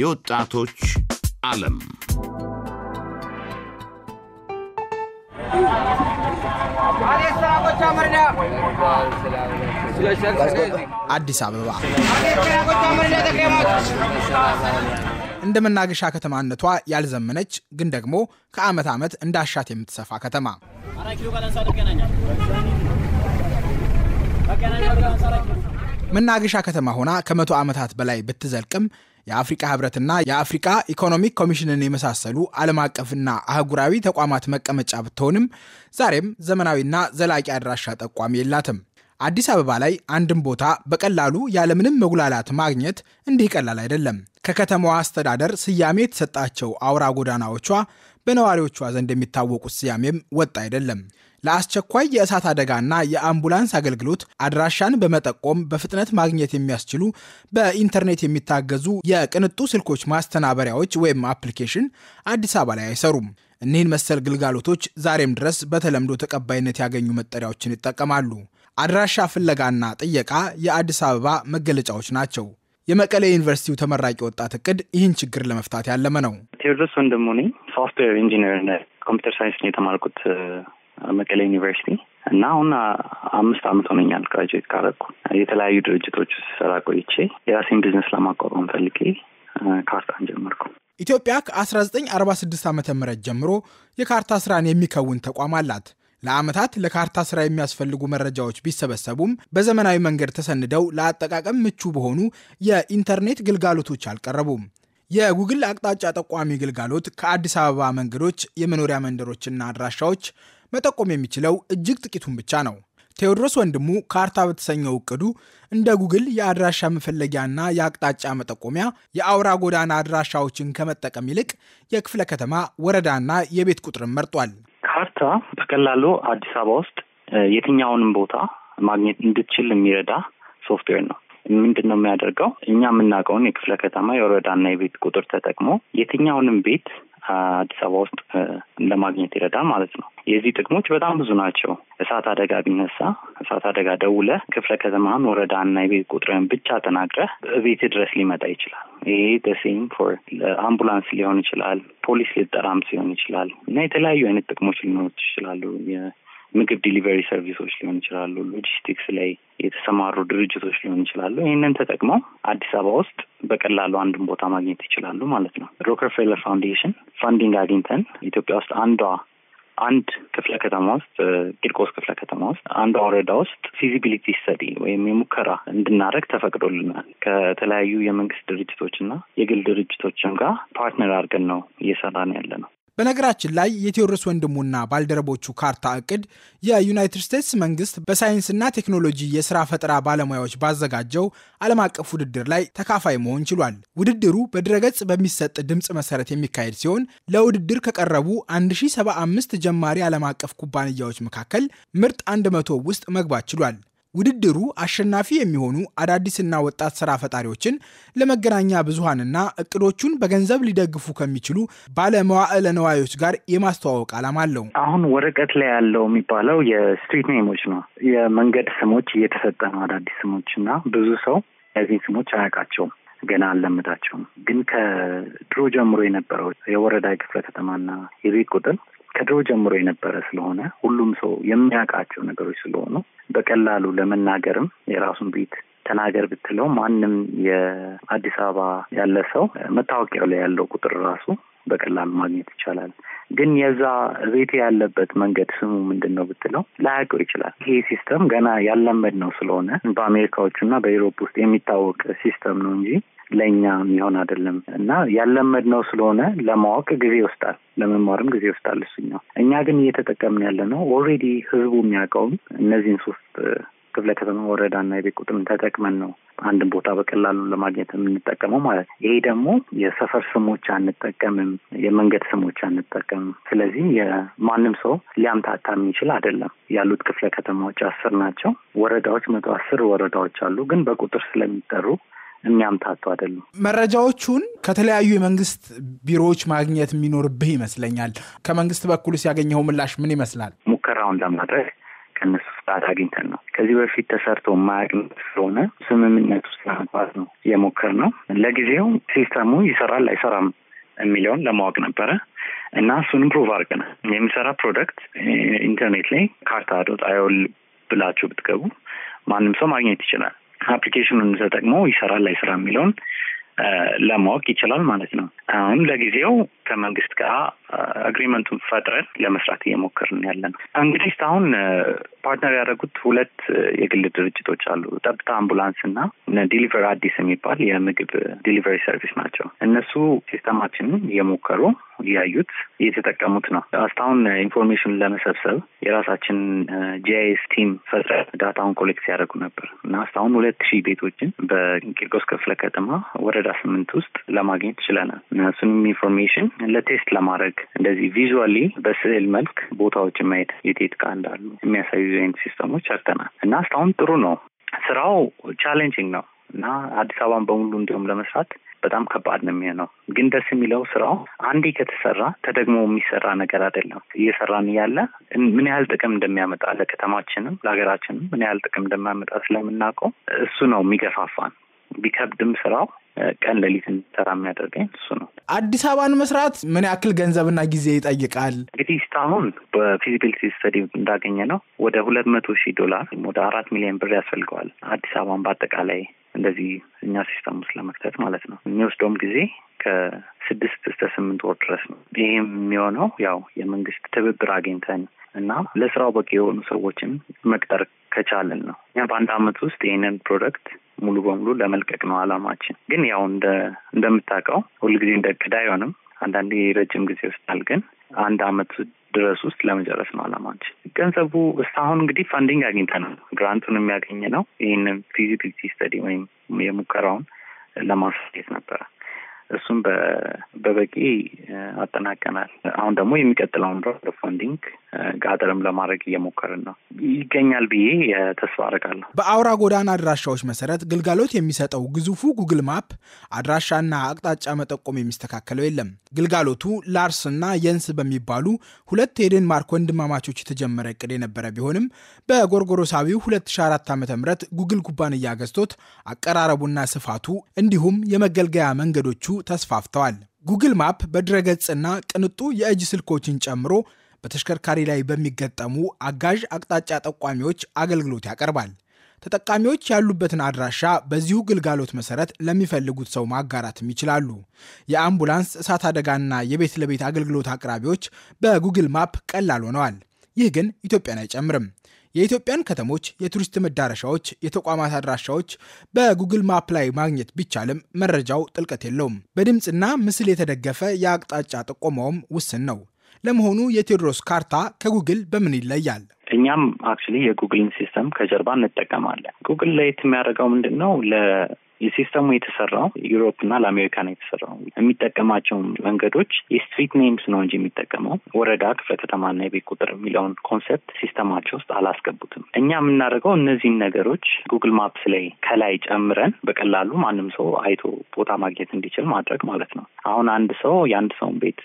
የወጣቶች ዓለም አዲስ አበባ እንደ መናገሻ ከተማነቷ ያልዘመነች ግን ደግሞ ከዓመት ዓመት እንዳሻት የምትሰፋ ከተማ መናገሻ ከተማ ሆና ከመቶ ዓመታት በላይ ብትዘልቅም የአፍሪቃ ህብረትና የአፍሪቃ ኢኮኖሚክ ኮሚሽንን የመሳሰሉ ዓለም አቀፍና አህጉራዊ ተቋማት መቀመጫ ብትሆንም ዛሬም ዘመናዊና ዘላቂ አድራሻ ጠቋሚ የላትም። አዲስ አበባ ላይ አንድም ቦታ በቀላሉ ያለምንም መጉላላት ማግኘት እንዲህ ቀላል አይደለም። ከከተማዋ አስተዳደር ስያሜ የተሰጣቸው አውራ ጎዳናዎቿ በነዋሪዎቿ ዘንድ የሚታወቁት ስያሜም ወጥ አይደለም። ለአስቸኳይ የእሳት አደጋና የአምቡላንስ አገልግሎት አድራሻን በመጠቆም በፍጥነት ማግኘት የሚያስችሉ በኢንተርኔት የሚታገዙ የቅንጡ ስልኮች ማስተናበሪያዎች ወይም አፕሊኬሽን አዲስ አበባ ላይ አይሰሩም። እኒህን መሰል ግልጋሎቶች ዛሬም ድረስ በተለምዶ ተቀባይነት ያገኙ መጠሪያዎችን ይጠቀማሉ። አድራሻ ፍለጋና ጥየቃ የአዲስ አበባ መገለጫዎች ናቸው። የመቀሌ ዩኒቨርሲቲው ተመራቂ ወጣት እቅድ ይህን ችግር ለመፍታት ያለመ ነው። ቴዎድሮስ ወንድሙ ነኝ። ሶፍትዌር ኢንጂነር ኮምፒውተር ሳይንስ ነው የተማርኩት መቀሌ ዩኒቨርሲቲ እና አሁን አምስት አመት ሆነኛል ግራጅዌት ካረኩ። የተለያዩ ድርጅቶች ውስጥ ስራ ቆይቼ የራሴን ቢዝነስ ለማቋቋም ፈልጌ ካርታን ጀመርኩ። ኢትዮጵያ ከ1946 ዓ ም ጀምሮ የካርታ ስራን የሚከውን ተቋም አላት። ለአመታት ለካርታ ስራ የሚያስፈልጉ መረጃዎች ቢሰበሰቡም በዘመናዊ መንገድ ተሰንደው ለአጠቃቀም ምቹ በሆኑ የኢንተርኔት ግልጋሎቶች አልቀረቡም። የጉግል አቅጣጫ ጠቋሚ ግልጋሎት ከአዲስ አበባ መንገዶች፣ የመኖሪያ መንደሮችና አድራሻዎች መጠቆም የሚችለው እጅግ ጥቂቱን ብቻ ነው። ቴዎድሮስ ወንድሙ ካርታ በተሰኘው እቅዱ እንደ ጉግል የአድራሻ መፈለጊያና የአቅጣጫ መጠቆሚያ የአውራ ጎዳና አድራሻዎችን ከመጠቀም ይልቅ የክፍለ ከተማ ወረዳና የቤት ቁጥርን መርጧል። ካርታ በቀላሉ አዲስ አበባ ውስጥ የትኛውንም ቦታ ማግኘት እንድትችል የሚረዳ ሶፍትዌር ነው። ምንድን ነው የሚያደርገው? እኛ የምናውቀውን የክፍለ ከተማ የወረዳና የቤት ቁጥር ተጠቅሞ የትኛውንም ቤት አዲስ አበባ ውስጥ ለማግኘት ይረዳል ማለት ነው። የዚህ ጥቅሞች በጣም ብዙ ናቸው። እሳት አደጋ ቢነሳ እሳት አደጋ ደውለ ክፍለ ከተማህን፣ ወረዳና የቤት ቁጥርን ብቻ ተናግረህ ቤት ድረስ ሊመጣ ይችላል። ይሄ ደሴም ፎር አምቡላንስ ሊሆን ይችላል፣ ፖሊስ ሊጠራም ሲሆን ይችላል እና የተለያዩ አይነት ጥቅሞች ሊኖሩት ይችላሉ። ምግብ ዲሊቨሪ ሰርቪሶች ሊሆን ይችላሉ፣ ሎጂስቲክስ ላይ የተሰማሩ ድርጅቶች ሊሆን ይችላሉ። ይህንን ተጠቅመው አዲስ አበባ ውስጥ በቀላሉ አንድን ቦታ ማግኘት ይችላሉ ማለት ነው። ሮከርፌለር ፋውንዴሽን ፋንዲንግ አግኝተን ኢትዮጵያ ውስጥ አንዷ አንድ ክፍለ ከተማ ውስጥ ቂርቆስ ክፍለ ከተማ ውስጥ አንዷ ወረዳ ውስጥ ፊዚቢሊቲ ስተዲ ወይም የሙከራ እንድናደርግ ተፈቅዶልናል። ከተለያዩ የመንግስት ድርጅቶችና የግል ድርጅቶችም ጋር ፓርትነር አድርገን ነው እየሰራን ያለ ነው። በነገራችን ላይ የቴዎድሮስ ወንድሙና ባልደረቦቹ ካርታ እቅድ የዩናይትድ ስቴትስ መንግስት በሳይንስና ቴክኖሎጂ የስራ ፈጠራ ባለሙያዎች ባዘጋጀው ዓለም አቀፍ ውድድር ላይ ተካፋይ መሆን ችሏል። ውድድሩ በድረገጽ በሚሰጥ ድምፅ መሰረት የሚካሄድ ሲሆን ለውድድር ከቀረቡ 1075 ጀማሪ ዓለም አቀፍ ኩባንያዎች መካከል ምርጥ 100 ውስጥ መግባት ችሏል። ውድድሩ አሸናፊ የሚሆኑ አዳዲስና ወጣት ስራ ፈጣሪዎችን ለመገናኛ ብዙሃንና እቅዶቹን በገንዘብ ሊደግፉ ከሚችሉ ባለመዋዕለ ነዋዮች ጋር የማስተዋወቅ ዓላማ አለው። አሁን ወረቀት ላይ ያለው የሚባለው የስትሪት ኔሞች ነው። የመንገድ ስሞች እየተሰጠ ነው፣ አዳዲስ ስሞች እና ብዙ ሰው እነዚህን ስሞች አያውቃቸውም፣ ገና አልለምዳቸውም። ግን ከድሮ ጀምሮ የነበረው የወረዳ ክፍለ ከተማና የቤት ቁጥር ከድሮ ጀምሮ የነበረ ስለሆነ ሁሉም ሰው የሚያውቃቸው ነገሮች ስለሆኑ በቀላሉ ለመናገርም የራሱን ቤት ተናገር ብትለው ማንም የአዲስ አበባ ያለ ሰው መታወቂያው ላይ ያለው ቁጥር ራሱ በቀላሉ ማግኘት ይቻላል። ግን የዛ ቤት ያለበት መንገድ ስሙ ምንድን ነው ብትለው ላያውቀው ይችላል። ይሄ ሲስተም ገና ያለመድ ነው ስለሆነ በአሜሪካዎቹ እና በኢሮፕ ውስጥ የሚታወቅ ሲስተም ነው እንጂ ለእኛ የሚሆን አይደለም እና ያለመድነው ስለሆነ ለማወቅ ጊዜ ይወስዳል፣ ለመማርም ጊዜ ይወስዳል። እሱኛው እኛ ግን እየተጠቀምን ያለ ነው። ኦልሬዲ ህዝቡ የሚያውቀውም እነዚህን ሶስት ክፍለ ከተማ ወረዳና የቤት ቁጥርን ተጠቅመን ነው አንድን ቦታ በቀላሉ ለማግኘት የምንጠቀመው ማለት ነው። ይሄ ደግሞ የሰፈር ስሞች አንጠቀምም፣ የመንገድ ስሞች አንጠቀምም። ስለዚህ የማንም ሰው ሊያምታታ የሚችል አይደለም። ያሉት ክፍለ ከተማዎች አስር ናቸው። ወረዳዎች መቶ አስር ወረዳዎች አሉ፣ ግን በቁጥር ስለሚጠሩ የሚያምታቱ አይደሉም። መረጃዎቹን ከተለያዩ የመንግስት ቢሮዎች ማግኘት የሚኖርብህ ይመስለኛል። ከመንግስት በኩል ሲያገኘው ምላሽ ምን ይመስላል? ሙከራውን ለማድረግ ከነሱ ፍቃድ አግኝተን ነው። ከዚህ በፊት ተሰርቶ ማያቅነት ስለሆነ ስምምነት ውስጥ ለመግባት ነው የሞከር ነው። ለጊዜው ሲስተሙ ይሰራል አይሰራም የሚለውን ለማወቅ ነበረ እና እሱን ኢምፕሩቭ አድርገናል። የሚሰራ ፕሮደክት ኢንተርኔት ላይ ካርታ ዶት አዮል ብላችሁ ብትገቡ ማንም ሰው ማግኘት ይችላል። አፕሊኬሽኑን ተጠቅሞ ይሰራል ላይስራ የሚለውን ለማወቅ ይችላል ማለት ነው። አሁን ለጊዜው ከመንግስት ጋር አግሪመንቱን ፈጥረን ለመስራት እየሞከርን ያለ ነው። እንግዲህ እስካሁን ፓርትነር ያደረጉት ሁለት የግል ድርጅቶች አሉ። ጠብታ አምቡላንስ እና ዲሊቨር አዲስ የሚባል የምግብ ዲሊቨሪ ሰርቪስ ናቸው። እነሱ ሲስተማችንን እየሞከሩ እያዩት እየተጠቀሙት ነው። አስታሁን ኢንፎርሜሽን ለመሰብሰብ የራሳችን ጂአይኤስ ቲም ፈጥረ ዳታውን ኮሌክት ያደርጉ ነበር እና እስካሁን ሁለት ሺህ ቤቶችን በቂርቆስ ክፍለ ከተማ ወረዳ ስምንት ውስጥ ለማግኘት ችለናል። እሱንም ኢንፎርሜሽን ለቴስት ለማድረግ እንደዚህ ቪዥዋሊ በስዕል መልክ ቦታዎችን ማየት የቴት ቃ እንዳሉ የሚያሳዩ አይነት ሲስተሞች አርተናል እና እስካሁን ጥሩ ነው። ስራው ቻሌንጂንግ ነው። እና አዲስ አበባን በሙሉ እንዲሁም ለመስራት በጣም ከባድ ነው የሚሆነው። ግን ደስ የሚለው ስራው አንዴ ከተሰራ ተደግሞ የሚሰራ ነገር አይደለም። እየሰራን ያለ ምን ያህል ጥቅም እንደሚያመጣ ለከተማችንም ለሀገራችንም ምን ያህል ጥቅም እንደሚያመጣ ስለምናውቀው እሱ ነው የሚገፋፋን። ቢከብድም ስራው ቀን ሌሊት እንሰራ የሚያደርገኝ እሱ ነው። አዲስ አበባን መስራት ምን ያክል ገንዘብና ጊዜ ይጠይቃል? እንግዲህ እስካሁን በፊዚቢሊቲ ስተዲ እንዳገኘ ነው ወደ ሁለት መቶ ሺህ ዶላር ወደ አራት ሚሊዮን ብር ያስፈልገዋል አዲስ አበባን በአጠቃላይ እንደዚህ እኛ ሲስተም ውስጥ ለመክተት ማለት ነው። የሚወስደውም ጊዜ ከስድስት እስከ ስምንት ወር ድረስ ነው። ይህም የሚሆነው ያው የመንግስት ትብብር አግኝተን እና ለስራው በቂ የሆኑ ሰዎችን መቅጠር ከቻልን ነው። እኛ በአንድ አመት ውስጥ ይህንን ፕሮደክት ሙሉ በሙሉ ለመልቀቅ ነው አላማችን። ግን ያው እንደ እንደምታውቀው ሁልጊዜ እንደ እቅድ አይሆንም። አንዳንዴ ረጅም ጊዜ ውስጣል። ግን አንድ አመት ድረስ ውስጥ ለመጨረስ ነው አላማችን። ገንዘቡ እስካሁን እንግዲህ ፋንዲንግ አግኝተናል። ግራንቱን የሚያገኝ ነው። ይህንን ፊዚቢሊቲ ስተዲ ወይም የሙከራውን ለማሳየት ነበረ። እሱም በበቂ አጠናቀናል። አሁን ደግሞ የሚቀጥለውን ራውንድ ፋንዲንግ ጋጠርም ለማድረግ እየሞከርን ነው ይገኛል ብዬ ተስፋ አድርጋለሁ። በአውራ ጎዳና አድራሻዎች መሰረት ግልጋሎት የሚሰጠው ግዙፉ ጉግል ማፕ አድራሻና አቅጣጫ መጠቆም የሚስተካከለው የለም። ግልጋሎቱ ላርስ እና የንስ በሚባሉ ሁለት የዴንማርክ ወንድማማቾች የተጀመረ እቅድ የነበረ ቢሆንም በጎርጎሮሳዊው 2004 ዓ ም ጉግል ኩባንያ ገዝቶት አቀራረቡና ስፋቱ እንዲሁም የመገልገያ መንገዶቹ ተስፋፍተዋል። ጉግል ማፕ በድረገጽና ቅንጡ የእጅ ስልኮችን ጨምሮ በተሽከርካሪ ላይ በሚገጠሙ አጋዥ አቅጣጫ ጠቋሚዎች አገልግሎት ያቀርባል። ተጠቃሚዎች ያሉበትን አድራሻ በዚሁ ግልጋሎት መሰረት ለሚፈልጉት ሰው ማጋራትም ይችላሉ። የአምቡላንስ እሳት አደጋና የቤት ለቤት አገልግሎት አቅራቢዎች በጉግል ማፕ ቀላል ሆነዋል። ይህ ግን ኢትዮጵያን አይጨምርም። የኢትዮጵያን ከተሞች፣ የቱሪስት መዳረሻዎች፣ የተቋማት አድራሻዎች በጉግል ማፕ ላይ ማግኘት ቢቻልም መረጃው ጥልቀት የለውም። በድምፅና ምስል የተደገፈ የአቅጣጫ ጥቆማውም ውስን ነው። ለመሆኑ የቴዎድሮስ ካርታ ከጉግል በምን ይለያል? እኛም አክቹዋሊ የጉግልን ሲስተም ከጀርባ እንጠቀማለን። ጉግል ለየት የሚያደርገው ምንድን ነው? የሲስተሙ የተሰራው ዩሮፕ እና ለአሜሪካ ነው የተሰራው። የሚጠቀማቸው መንገዶች የስትሪት ኔምስ ነው እንጂ የሚጠቀመው ወረዳ፣ ክፍለ ከተማና የቤት ቁጥር የሚለውን ኮንሰፕት ሲስተማቸው ውስጥ አላስገቡትም። እኛ የምናደርገው እነዚህን ነገሮች ጉግል ማፕስ ላይ ከላይ ጨምረን በቀላሉ ማንም ሰው አይቶ ቦታ ማግኘት እንዲችል ማድረግ ማለት ነው። አሁን አንድ ሰው የአንድ ሰውን ቤት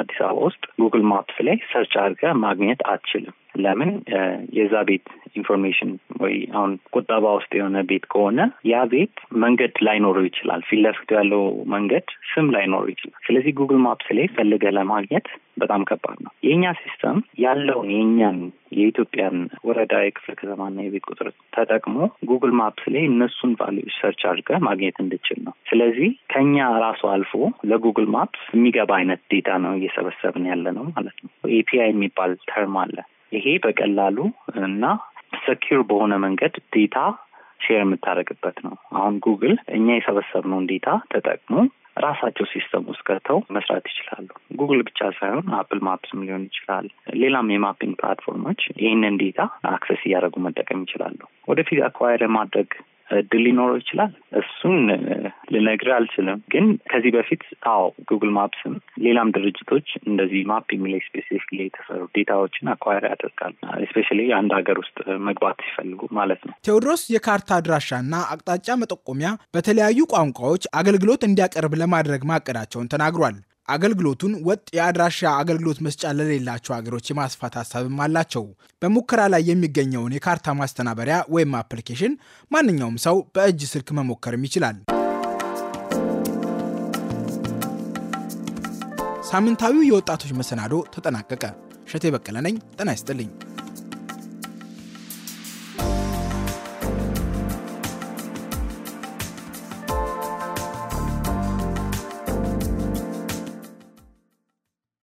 አዲስ አበባ ውስጥ ጉግል ማፕስ ላይ ሰርች አድርገ ማግኘት አትችልም። ለምን የዛ ቤት ኢንፎርሜሽን ወይ አሁን ቁጠባ ውስጥ የሆነ ቤት ከሆነ ያ ቤት መንገድ ላይኖረው ይችላል። ፊት ለፊቱ ያለው መንገድ ስም ላይኖረው ይችላል። ስለዚህ ጉግል ማፕስ ላይ ፈልገ ለማግኘት በጣም ከባድ ነው። የእኛ ሲስተም ያለውን የእኛን የኢትዮጵያን ወረዳ፣ የክፍለ ከተማና የቤት ቁጥር ተጠቅሞ ጉግል ማፕስ ላይ እነሱን ቫሊዎች ሰርች አድርገ ማግኘት እንድችል ነው። ስለዚህ ከኛ ራሱ አልፎ ለጉግል ማፕስ የሚገባ አይነት ዴታ ነው እየሰበሰብን ያለ ነው ማለት ነው። ኤፒአይ የሚባል ተርም አለ። ይሄ በቀላሉ እና ሰኪር በሆነ መንገድ ዴታ ሼር የምታደርግበት ነው። አሁን ጉግል እኛ የሰበሰብነውን ዴታ ተጠቅሞ ራሳቸው ሲስተም ውስጥ ከተው መስራት ይችላሉ። ጉግል ብቻ ሳይሆን አፕል ማፕስም ሊሆን ይችላል። ሌላም የማፒንግ ፕላትፎርሞች ይህንን ዴታ አክሰስ እያደረጉ መጠቀም ይችላሉ። ወደፊት አኳያ ለማድረግ እድል ሊኖረው ይችላል። እሱን ልነግር አልችልም። ግን ከዚህ በፊት አዎ፣ ጉግል ማፕስም ሌላም ድርጅቶች እንደዚህ ማፕ የሚለ ስፔሲፊክ የተሰሩ ዴታዎችን አኳሪ ያደርጋል። ስፔሻሊ አንድ ሀገር ውስጥ መግባት ሲፈልጉ ማለት ነው። ቴዎድሮስ የካርታ አድራሻና አቅጣጫ መጠቆሚያ በተለያዩ ቋንቋዎች አገልግሎት እንዲያቀርብ ለማድረግ ማቀዳቸውን ተናግሯል። አገልግሎቱን ወጥ የአድራሻ አገልግሎት መስጫ ለሌላቸው ሀገሮች የማስፋት ሀሳብም አላቸው። በሙከራ ላይ የሚገኘውን የካርታ ማስተናበሪያ ወይም አፕሊኬሽን ማንኛውም ሰው በእጅ ስልክ መሞከርም ይችላል። ሳምንታዊው የወጣቶች መሰናዶ ተጠናቀቀ። እሸቴ በቀለ ነኝ። ጤና ይስጥልኝ።